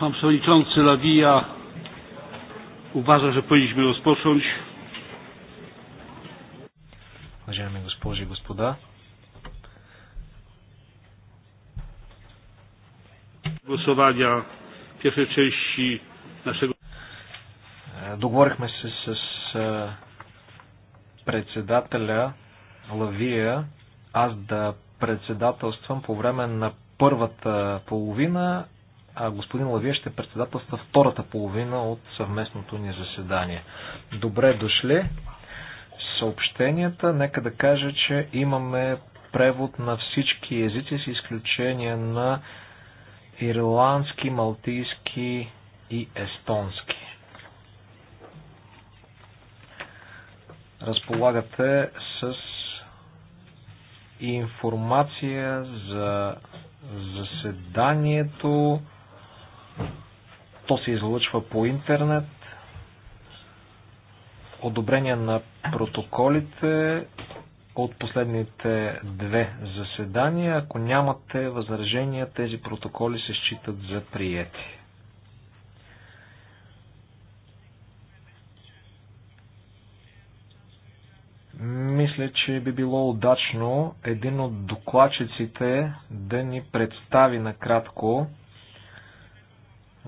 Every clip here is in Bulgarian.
Pan przewodniczący Lawija uważa, że powinniśmy rozpocząć. Уважаеми gospodzie, gospoda. głosowania pierwszej części naszego. Договорихме се с председателя Лавия аз да председателствам по време на първата половина а господин Лавия ще председателства втората половина от съвместното ни заседание. Добре дошли. Съобщенията, нека да кажа, че имаме превод на всички езици с изключение на ирландски, малтийски и естонски. Разполагате с информация за заседанието, то се излъчва по интернет. Одобрение на протоколите от последните две заседания. Ако нямате възражения, тези протоколи се считат за приети. мисля, че би било удачно един от докладчиците да ни представи накратко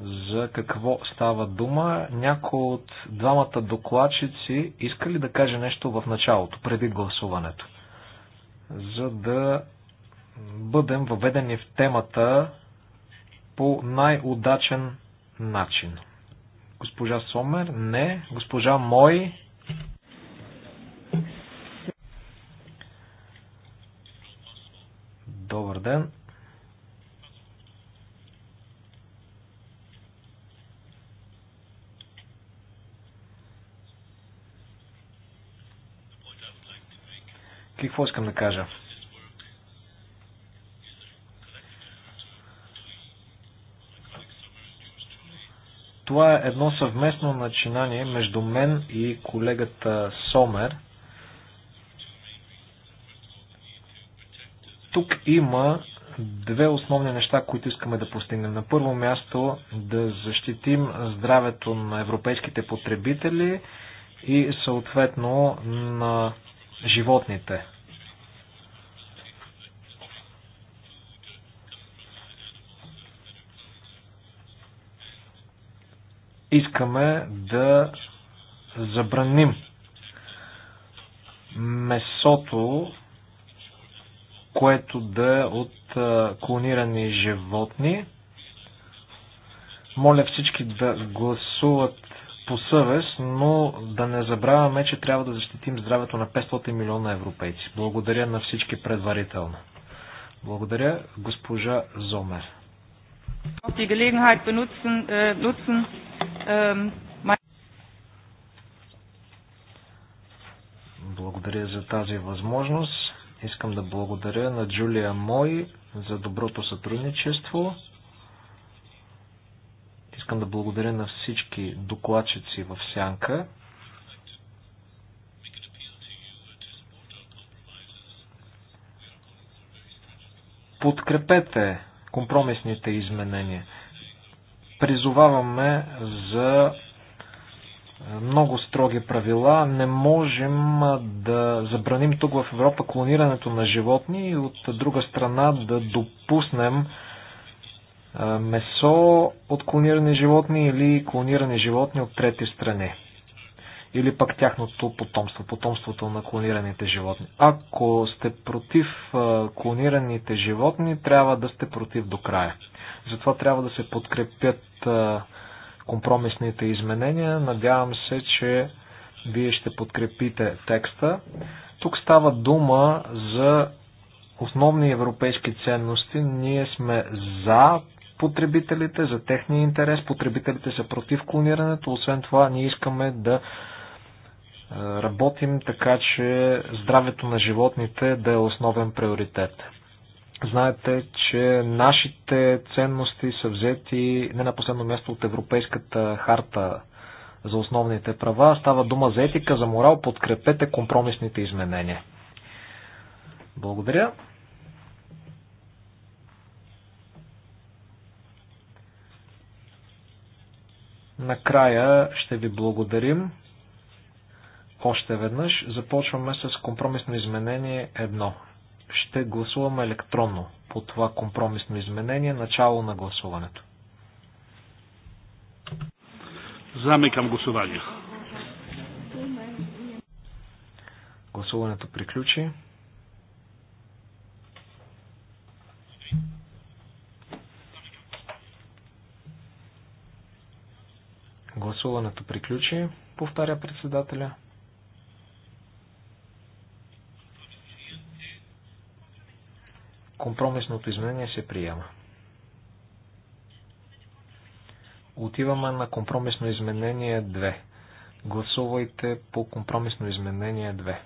за какво става дума. Някой от двамата докладчици иска ли да каже нещо в началото, преди гласуването? За да бъдем въведени в темата по най-удачен начин. Госпожа Сомер? Не. Госпожа Мой? Добър ден. Какво искам да кажа? Това е едно съвместно начинание между мен и колегата Сомер. Тук има две основни неща, които искаме да постигнем. На първо място да защитим здравето на европейските потребители и съответно на животните. Искаме да забраним месото, което да е от клонирани животни. Моля всички да гласуват по съвест, но да не забравяме, че трябва да защитим здравето на 500 милиона европейци. Благодаря на всички предварително. Благодаря, госпожа Зомер. Äh, ähm, благодаря за тази възможност. Искам да благодаря на Джулия Мой за доброто сътрудничество. Искам да благодаря на всички докладчици в Сянка. Подкрепете компромисните изменения. Призоваваме за много строги правила. Не можем да забраним тук в Европа клонирането на животни и от друга страна да допуснем месо от клонирани животни или клонирани животни от трети страни. Или пък тяхното потомство, потомството на клонираните животни. Ако сте против клонираните животни, трябва да сте против до края. Затова трябва да се подкрепят компромисните изменения. Надявам се, че вие ще подкрепите текста. Тук става дума за основни европейски ценности. Ние сме за потребителите, за техния интерес. Потребителите са против клонирането. Освен това, ние искаме да е, работим така, че здравето на животните да е основен приоритет. Знаете, че нашите ценности са взети не на последно място от Европейската харта за основните права. Става дума за етика, за морал. Подкрепете компромисните изменения. Благодаря. Накрая ще ви благодарим още веднъж. Започваме с компромисно изменение 1. Ще гласуваме електронно по това компромисно изменение, начало на гласуването. Замикам гласуване. Гласуването приключи. Гласуването приключи, повтаря председателя. Компромисното изменение се приема. Отиваме на компромисно изменение 2. Гласувайте по компромисно изменение 2.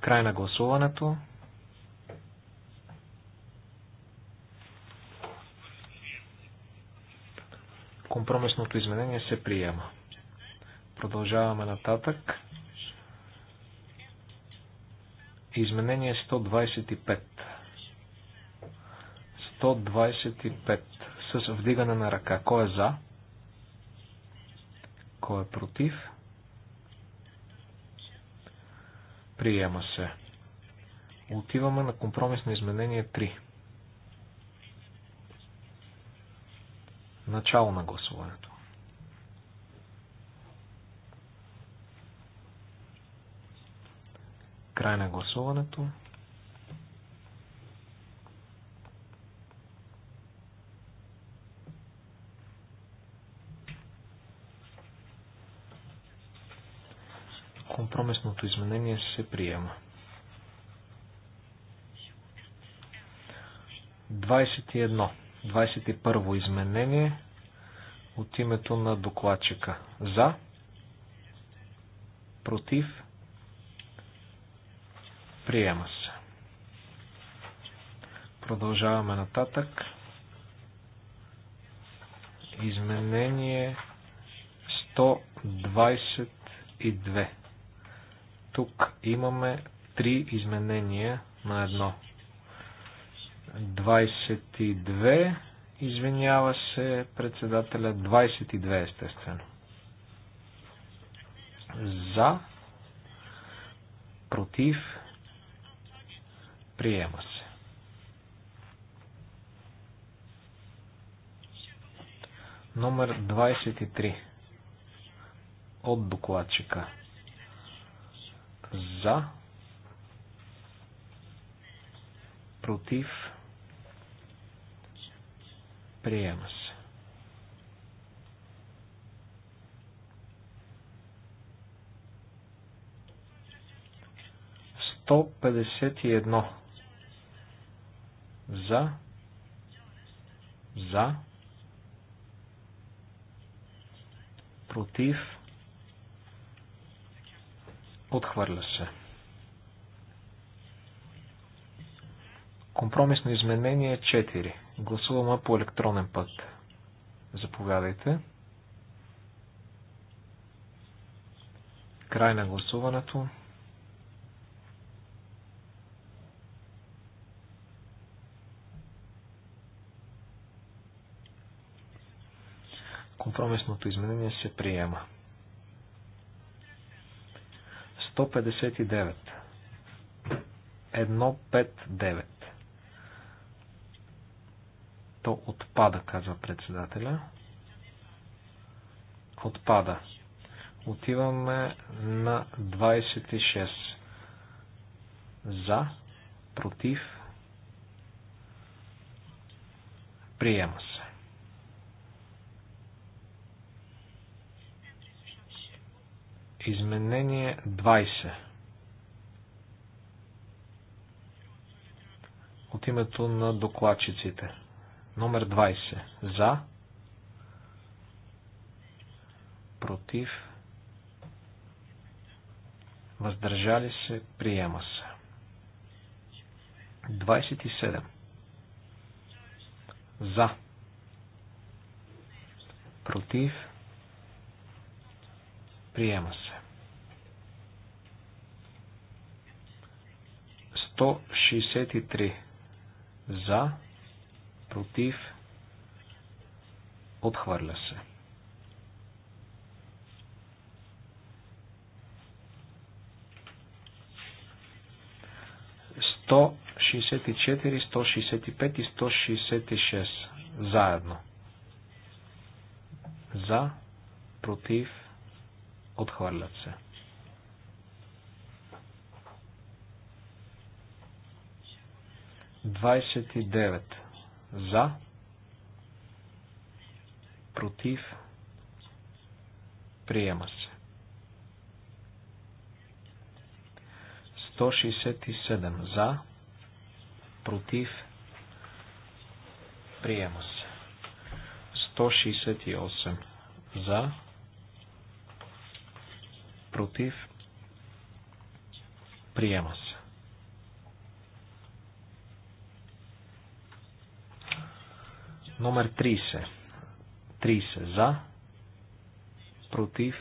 Край на гласуването. Компромисното изменение се приема. Продължаваме нататък. Изменение 125. 125. С вдигане на ръка. Кой е за? Кой е против? Приема се. Отиваме на компромисно изменение 3. Начало на гласуването. Край на гласуването. компромисното изменение се приема. 21. 21 изменение от името на докладчика. За, против, приема се. Продължаваме нататък. Изменение 122. Тук имаме три изменения на едно. 22, Извинява се председателя 22 естествено. За, против, приема се. Номер 23 от докладчика. За, против, Приема се. Сто петдесет и едно. За. За. Против. Отхвърля се. Компромисно изменение 4. Гласуваме по електронен път. Заповядайте. Край на гласуването. Компромисното изменение се приема. 159. 159. То отпада, казва председателя. Отпада. Отиваме на 26. За, против, приема се. Изменение 20. От името на докладчиците. Номер 20. За. Против. Въздържали се. Приема се. 27. За. Против. Приема се. 163. За против, отхвърля се. Сто 164, 165 и 166 заедно. За, против, отхвърлят се. Двадесет и девет. За. Против. Приема се. 167 за, против, приема се. 168 за, против, приема се. Номер 30. 30 за, против,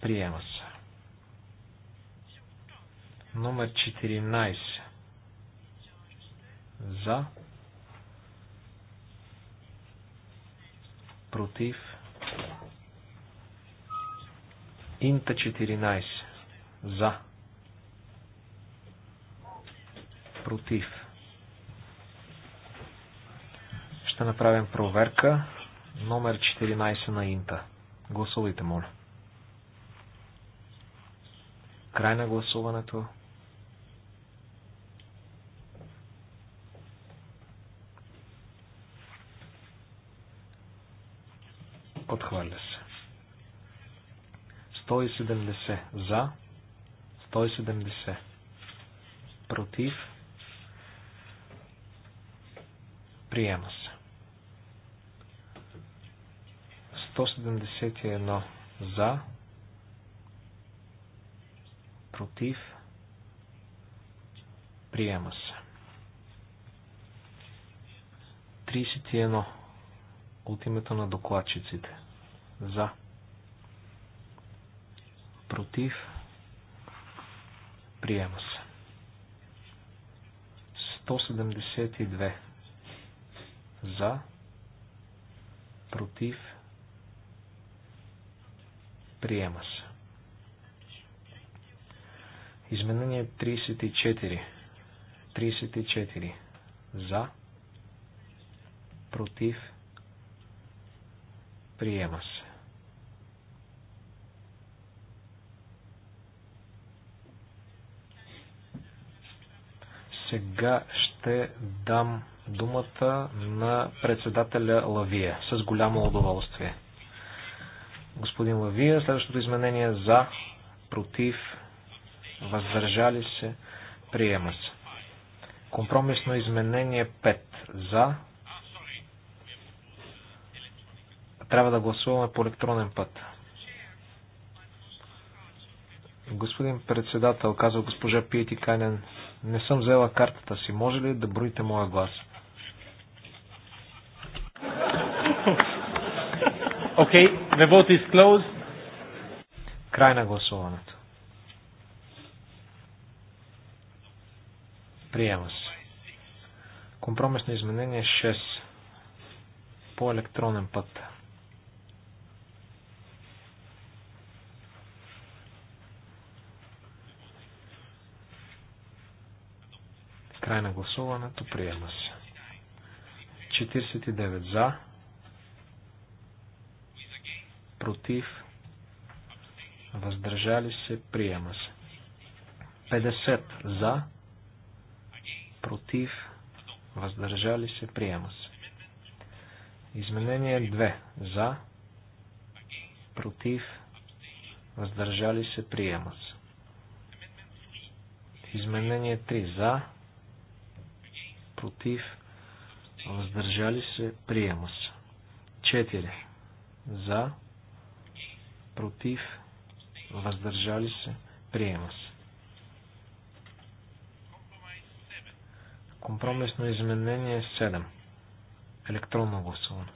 приема се. Номер 14. За, против, Инта 14. За. Против. Ще направим проверка. Номер 14 на Инта. Гласувайте, моля. Край на гласуването. Отхвърля се. 170 за, 170 против, приема се. 171 за, против, приема се. 31 от името на докладчиците за, против, приема се. 172 за, против, приема се Приема се. Изменение 34. 34. За. Против. Приема се. Сега ще дам думата на председателя Лавия с голямо удоволствие господин Лавия. Следващото изменение е за, против, въздържали се, приема се. Компромисно изменение 5 за. Трябва да гласуваме по електронен път. Господин председател, казва госпожа Пиети Канен, не съм взела картата си. Може ли да броите моя глас? Okay, the vote is closed. Край на гласуването. Приема се. Компромисно изменение 6 по електронен път. Край на гласуването. Приема се. 49 за, против, въздържали се, приема се. 50 за, против, въздържали се, приема се. Изменение 2 за, против, въздържали се, приема се. Изменение 3 за, против, въздържали се, приема се. 4 за, против, против, въздържали се, приема се. Компромисно изменение 7. Електронно гласуване.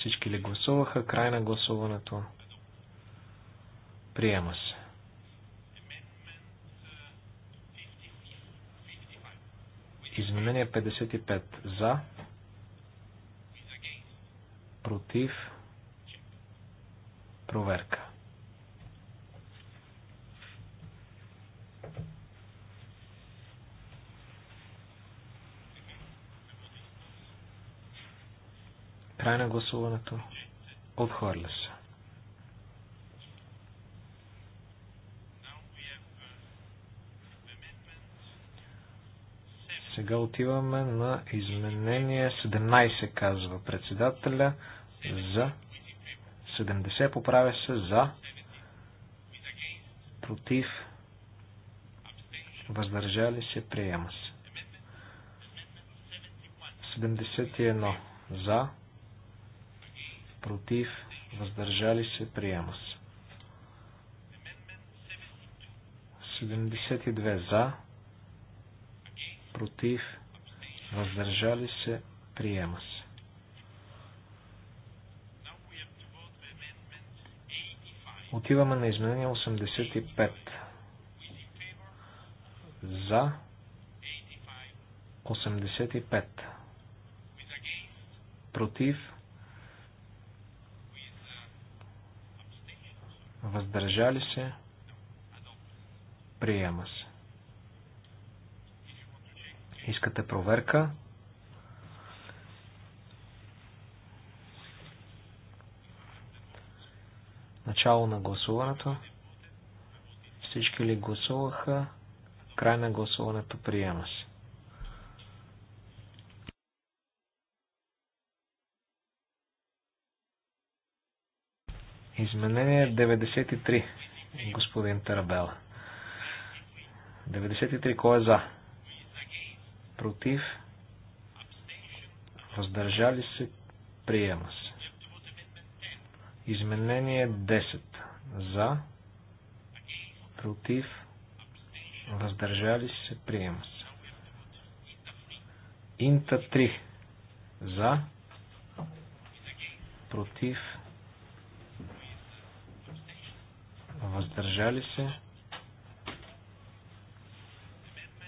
Всички ли гласуваха? Край на гласуването. Приема се. Изменение 55. За против, проверка. Край на гласуването. Отхвърля се. Сега отиваме на изменение 17, казва председателя. За 70 поправя се за против въздържали се, приема се. 71 за против въздържали се, приема се. 72 за против, въздържали се, приема се. Отиваме на изменение 85. За 85. Против. Въздържали се. Приема се. Искате проверка? Начало на гласуването. Всички ли гласуваха? Край на гласуването приема се. Изменение 93, господин Тарабела. 93, кой е за? против, въздържали се, приема се. Изменение 10. За, против, въздържали се, приема се. Инта 3. За, против, въздържали се,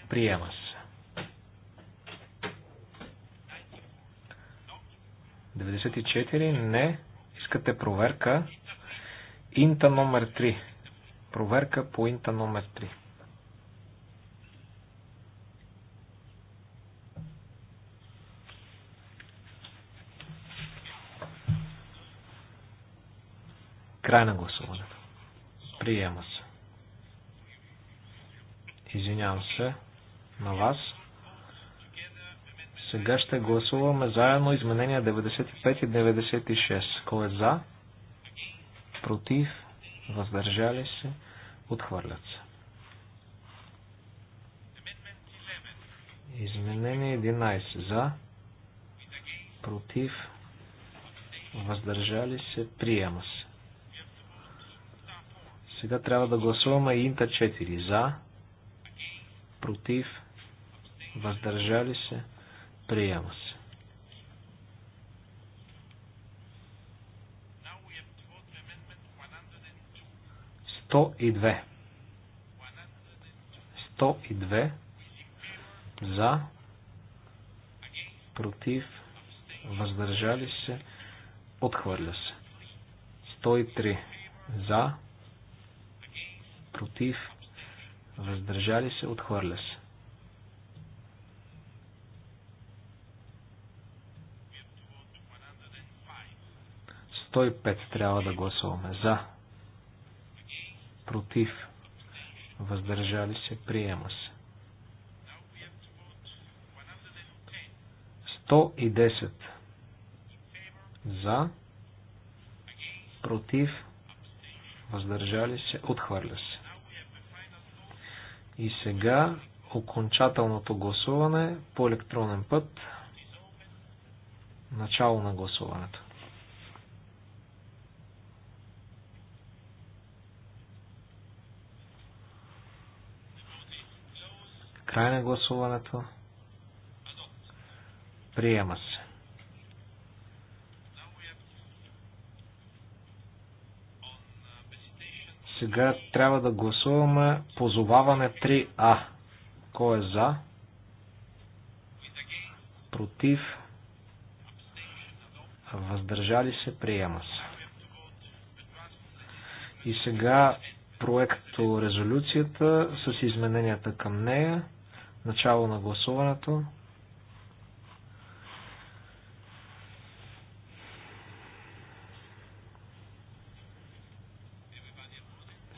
приема се. 94. Не. Искате проверка. Инта номер 3. Проверка по инта номер 3. Край на гласуването. Приема се. Извинявам се на вас. Сега ще гласуваме заедно изменения 95 и 96. Кой е за? Против? Въздържали се? Отхвърлят се. Изменение 11. За? Против? Въздържали се? Приема се. Сега трябва да гласуваме и Инта 4. За? Против? Въздържали се? Приема се. Сто и две. Сто и две. За. Против. Въздържали се. Отхвърля се. 103 за, против, въздържали се, отхвърля се. 105 трябва да гласуваме. За. Против. Въздържали се. Приема се. 110. За. Против. Въздържали се. Отхвърля се. И сега окончателното гласуване по електронен път. Начало на гласуването. Край на гласуването. Приема се. Сега трябва да гласуваме позоваване 3А. Кой е за? Против? Въздържали се? Приема се. И сега проекто резолюцията с измененията към нея. Начало на гласуването.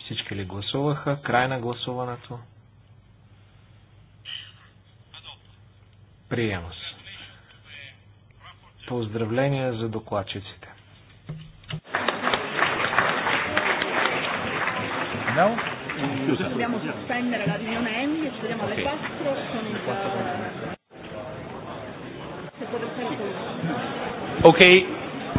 Всички ли гласуваха? Край на гласуването. Приема се. Поздравления за докладчиците. Now chiusa. Dobbiamo sospendere la riunione e ci vediamo alle 4 con il... Eh, okay,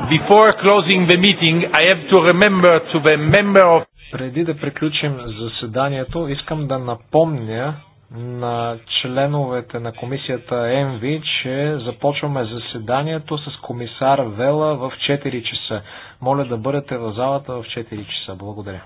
before closing the meeting, I have to remember to the member of... Преди да приключим заседанието, искам да напомня на членовете на комисията МВ, че започваме заседанието с комисар Вела в 4 часа. Моля да бъдете в залата в 4 часа. Благодаря.